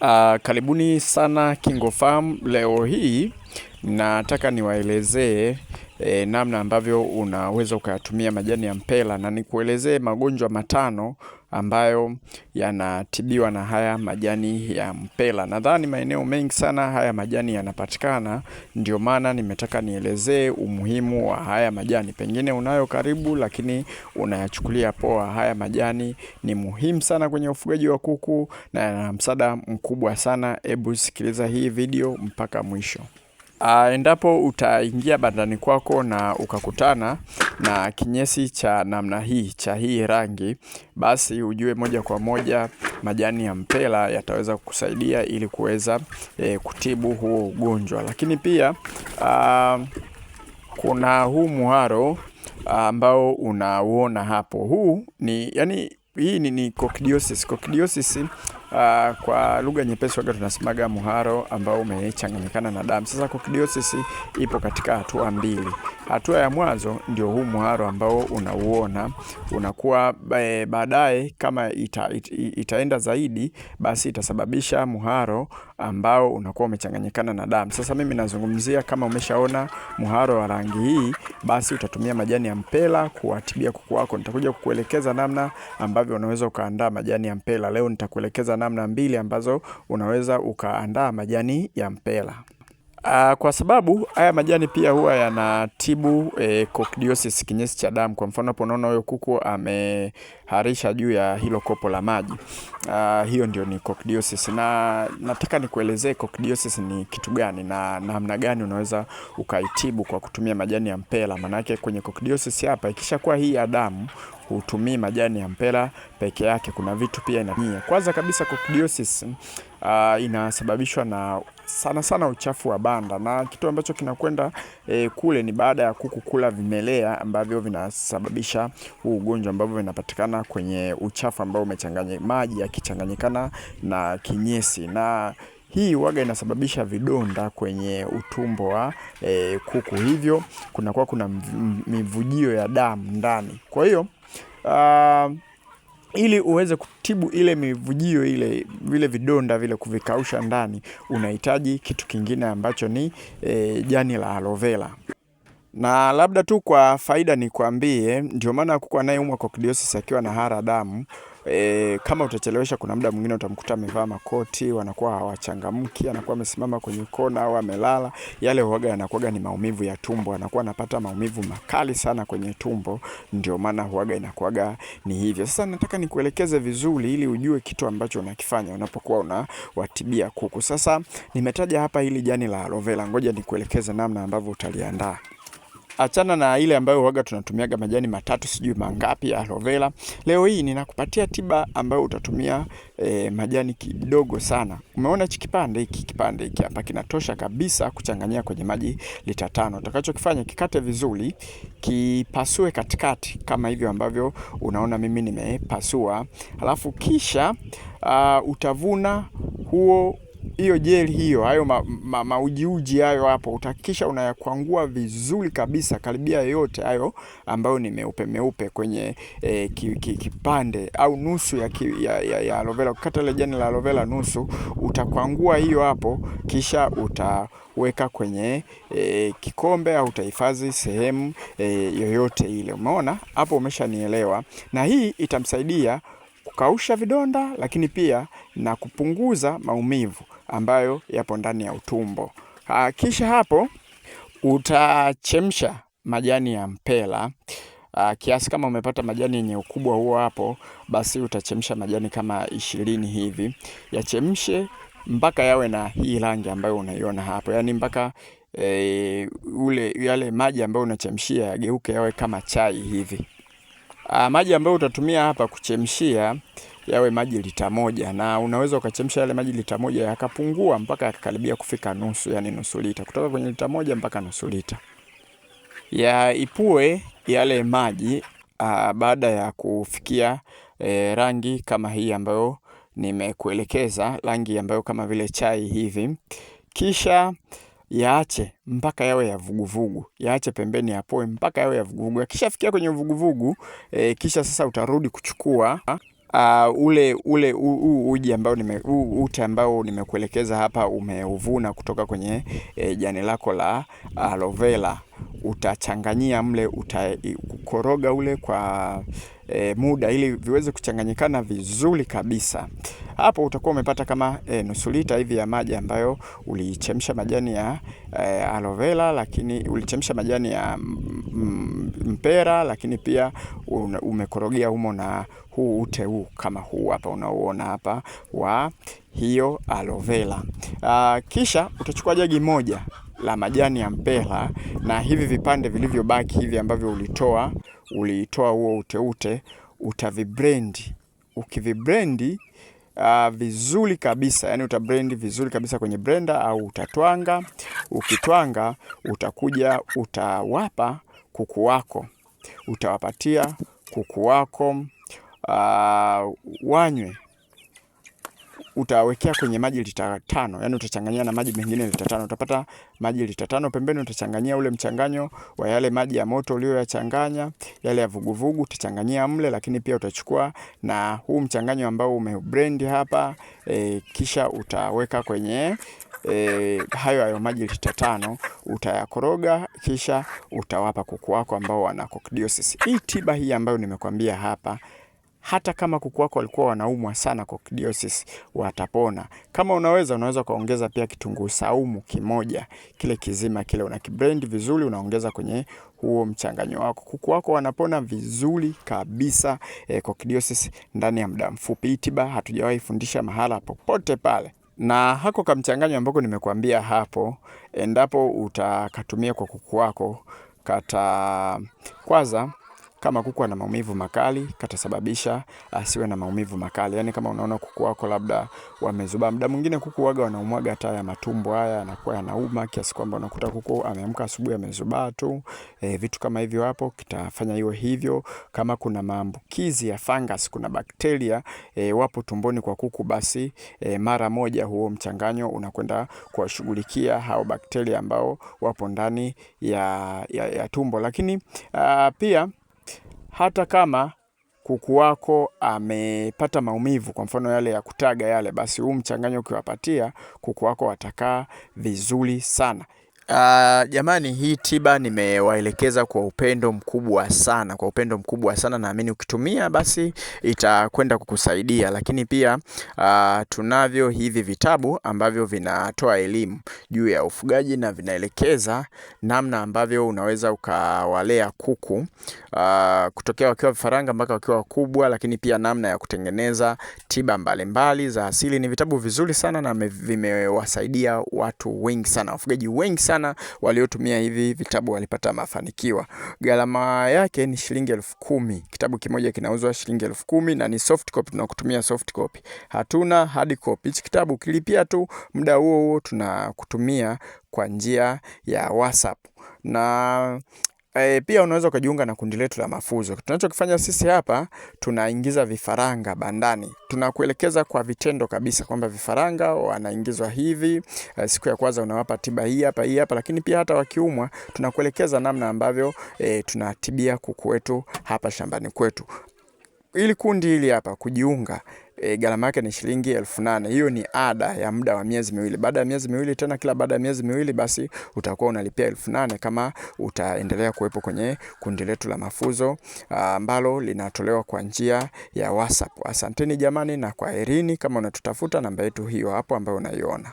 Uh, karibuni sana KingoFarm. Leo hii nataka niwaelezee E, namna ambavyo unaweza ukayatumia majani ya mpela na nikuelezee magonjwa matano ambayo yanatibiwa na haya majani ya mpela. Nadhani maeneo mengi sana haya majani yanapatikana, ndio maana nimetaka nielezee umuhimu wa haya majani. Pengine unayo karibu, lakini unayachukulia poa. Haya majani ni muhimu sana kwenye ufugaji wa kuku na yana msaada mkubwa sana. Hebu sikiliza hii video mpaka mwisho. Uh, endapo utaingia bandani kwako na ukakutana na kinyesi cha namna hii cha hii rangi, basi ujue moja kwa moja majani ya mpela yataweza kukusaidia ili kuweza eh, kutibu huo ugonjwa. Lakini pia uh, kuna huu muharo ah, ambao unauona hapo. Huu ni yani, hii ni, ni kokidiosis. Kokidiosis Uh, kwa lugha nyepesi waga tunasemaga muharo ambao umechanganyikana na damu. Sasa kokidiosis ipo katika hatua mbili. Hatua ya mwanzo ndio huu muharo ambao unauona unakuwa eh, baadaye kama ita, it, itaenda zaidi basi itasababisha muharo ambao unakuwa umechanganyikana na damu. Sasa mimi nazungumzia kama umeshaona muharo wa rangi hii, basi utatumia majani ya mpela kuwatibia kuku wako. Nitakuja kukuelekeza namna ambavyo unaweza ukaandaa majani ya mpela. Leo nitakuelekeza namna mbili ambazo unaweza ukaandaa majani ya mpela. Aa, ah, kwa sababu haya majani pia huwa yanatibu e, coccidiosis kinyesi cha damu. Kwa mfano hapo unaona huyo kuku ameharisha juu ya hilo kopo la maji. Aa, ah, hiyo ndio ni coccidiosis. na nataka nikuelezee coccidiosis ni kitu gani na namna gani unaweza ukaitibu kwa kutumia majani ya mpela. Maanake kwenye coccidiosis hapa ikishakuwa hii ya damu hutumii majani ya mpera peke yake, kuna vitu pia inania. Kwanza kabisa coccidiosis uh, inasababishwa na sana sana uchafu wa banda na kitu ambacho kinakwenda e, kule ni baada ya kuku kula vimelea ambavyo vinasababisha huu ugonjwa ambavyo vinapatikana kwenye uchafu ambao umechanganya maji yakichanganyikana na kinyesi na hii waga inasababisha vidonda kwenye utumbo wa e, kuku, hivyo kunakuwa kuna mivujio ya damu ndani. Kwa hiyo uh, ili uweze kutibu ile mivujio ile vile vidonda vile kuvikausha ndani, unahitaji kitu kingine ambacho ni e, jani la aloe vera na labda tu kwa faida nikwambie, ndio maana kuku anayeumwa kokidiosis akiwa na hara damu E, kama utachelewesha, kuna muda mwingine utamkuta amevaa makoti, wanakuwa hawachangamki, anakuwa amesimama kwenye kona au amelala. Yale huaga yanakuaga ni maumivu ya tumbo, anakuwa anapata maumivu makali sana kwenye tumbo, ndio maana huaga inakuaga ni hivyo. Sasa nataka nikuelekeze vizuri, ili ujue kitu ambacho unakifanya unapokuwa unawatibia kuku. Sasa nimetaja hapa hili jani la aloe vera, ngoja nikuelekeze namna ambavyo utaliandaa. Achana na ile ambayo waga tunatumiaga majani matatu sijui mangapi ya aloe vera. Leo hii ninakupatia tiba ambayo utatumia e, majani kidogo sana. Umeona hichi kipande hiki, kipande hiki hapa kinatosha kabisa kuchanganyia kwenye maji lita tano. Utakachokifanya kikate vizuri, kipasue katikati kama hivyo ambavyo unaona mimi nimepasua, halafu kisha uh, utavuna huo hiyo jeli hiyo, hayo maujiuji ma, ma, hayo hapo, utahakikisha unayakwangua vizuri kabisa, karibia yote hayo ambayo ni meupe meupe kwenye e, eh, kipande ki, kipande au nusu ya, ki, ya, ya, ya aloe vera. Ukikata ile jani la aloe vera nusu, utakwangua hiyo hapo, kisha utaweka kwenye e, kikombe au utahifadhi sehemu e, yoyote ile. Umeona hapo, umeshanielewa na hii itamsaidia kukausha vidonda, lakini pia na kupunguza maumivu ambayo yapo ndani ya utumbo. Aa, ah, kisha hapo utachemsha majani ya mpela Uh, kiasi kama umepata majani yenye ukubwa huo hapo, basi utachemsha majani kama ishirini hivi, yachemshe mpaka yawe na hii rangi ambayo unaiona hapo, yaani mpaka e, ule yale maji ambayo unachemshia yageuke yawe kama chai hivi. Uh, maji ambayo utatumia hapa kuchemshia yawe maji lita moja, na unaweza ukachemsha yale maji lita moja yakapungua mpaka yakakaribia kufika nusu, yani nusu lita, kutoka kwenye lita moja mpaka nusu lita. Yaipue yale maji uh, baada ya kufikia eh, rangi kama hii ambayo nimekuelekeza, rangi ambayo kama vile chai hivi, kisha yaache mpaka yawe ya vuguvugu, yaache pembeni, yapoe mpaka yawe ya vuguvugu. akishafikia kwenye vuguvugu e, kisha sasa utarudi kuchukua Uh, ule ule uji ambao nime ute ambao nimekuelekeza hapa umeuvuna kutoka kwenye e, jani lako la aloe vera, utachanganyia mle, utakoroga ule kwa e, muda ili viweze kuchanganyikana vizuri kabisa. Hapo utakuwa umepata kama e, nusu lita hivi ya maji ambayo ulichemsha majani ya e, aloe vera, lakini ulichemsha majani ya mm, mm, mpera, lakini pia umekorogia humo na huu ute huu kama huu hapa unaoona hapa wa hiyo aloe vera. kisha utachukua jagi moja la majani ya mpera na hivi vipande vilivyobaki hivi ambavyo ulitoa uliitoa huo uteute, utavibrendi. Ukivibrendi uh, vizuri kabisa, yani utabrendi vizuri kabisa kwenye brenda au utatwanga. Ukitwanga utakuja utawapa kuku wako, utawapatia kuku wako uh, wanywe utawekea kwenye maji lita tano, yani utachanganyia na maji mengine lita tano, utapata maji lita tano. Pembeni utachanganyia ule mchanganyo wa yale maji ya moto uliyoyachanganya yale ya vuguvugu, utachanganyia mle, lakini pia utachukua na huu mchanganyo ambao umeblend hapa e, kisha utaweka kwenye E, hayo hayo maji lita tano utayakoroga, kisha utawapa kuku wako ambao wana kokidiosis. Hii tiba hii ambayo nimekwambia hapa hata kama kuku wako walikuwa wanaumwa sana kwa watapona. Kama unaweza unaweza ukaongeza pia kitunguu saumu kimoja, kile kizima kile, una kiblend vizuri, unaongeza kwenye huo mchanganyo wako, kuku wako wanapona vizuri kabisa eh, kokidiosis ndani ya muda mfupi. Hii tiba hatujawahi fundisha mahala popote pale na hako kamchanganyo ambako nimekuambia hapo, endapo utakatumia kwa kuku wako, kata kwanza kama kuku ana maumivu makali, katasababisha asiwe na maumivu makali. Yaani kama unaona kuku wako labda wamezubaa, muda mwingine kuku waga wanaumwaga hata ya matumbo haya yanakuwa yanauma kiasi kwamba unakuta kuku ameamka asubuhi amezubaa tu. E, vitu kama hivyo hapo kitafanya iwe hivyo. Kama kuna maambukizi ya fungus, kuna bakteria e, wapo tumboni kwa kuku, basi e, mara moja huo mchanganyo unakwenda kuwashughulikia hao bakteria ambao wapo ndani ya, ya, ya tumbo. Lakini a, pia hata kama kuku wako amepata maumivu, kwa mfano yale ya kutaga yale, basi huu mchanganyo ukiwapatia kuku wako watakaa vizuri sana. Uh, jamani hii tiba nimewaelekeza kwa upendo mkubwa sana, kwa upendo mkubwa sana. Naamini ukitumia basi itakwenda kukusaidia, lakini pia uh, tunavyo hivi vitabu ambavyo vinatoa elimu juu ya ufugaji na vinaelekeza namna ambavyo unaweza ukawalea kuku uh, kutokea wakiwa vifaranga mpaka wakiwa wakubwa, lakini pia namna ya kutengeneza tiba mbalimbali mbali za asili. Ni vitabu vizuri sana na vimewasaidia watu wengi sana, wafugaji wengi sana sana waliotumia hivi vitabu walipata mafanikio. Gharama yake ni shilingi elfu kumi. Kitabu kimoja kinauzwa shilingi elfu kumi na ni soft copy, tunakutumia soft copy. Hatuna hard copy. Hichi kitabu kilipia tu muda huo huo tunakutumia kwa njia ya WhatsApp na E, pia unaweza ukajiunga na kundi letu la mafunzo. Tunachokifanya sisi hapa tunaingiza vifaranga bandani, tunakuelekeza kwa vitendo kabisa kwamba vifaranga wanaingizwa hivi, e, siku ya kwanza unawapa tiba hii hapa hii hapa, lakini pia hata wakiumwa tunakuelekeza namna ambavyo e, tunatibia kuku wetu hapa shambani kwetu. Ili kundi hili hapa kujiunga e, gharama yake ni shilingi elfu nane. Hiyo ni ada ya muda wa miezi miwili. Baada ya miezi miwili tena, kila baada ya miezi miwili basi utakuwa unalipia elfu nane kama utaendelea kuwepo kwenye kundi letu la mafunzo ah, ambalo linatolewa kwa njia ya WhatsApp. Asanteni jamani na kwa herini Kama unatutafuta namba yetu hiyo hapo ambayo unaiona.